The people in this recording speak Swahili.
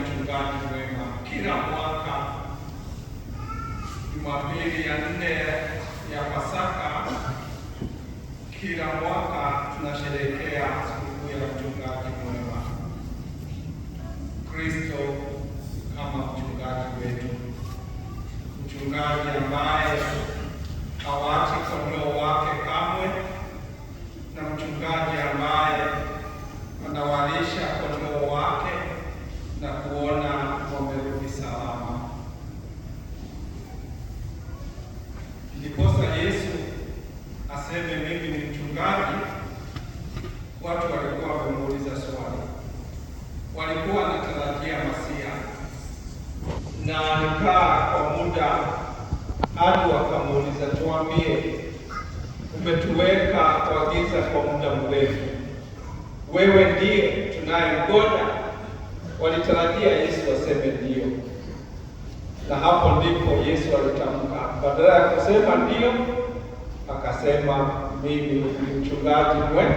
mchungaji mwema. Kila mwaka Jumapili ya nne ya Pasaka, kila mwaka tunasherehekea sikukuu ya mchungaji mwema, Kristo kama mchungaji wetu, mchungaji aseme mimi ni mchungaji, watu walikuwa wamemuuliza swali, walikuwa wanatarajia Masia na alikaa kwa muda hadi wakamuuliza, tuambie, umetuweka kwa giza kwa muda mrefu, wewe ndiye tunayemgoda? Walitarajia Yesu aseme ndio na hapo ndipo Yesu alitamka, badala ya kusema ndio akasema mimi ni mchungaji mwema.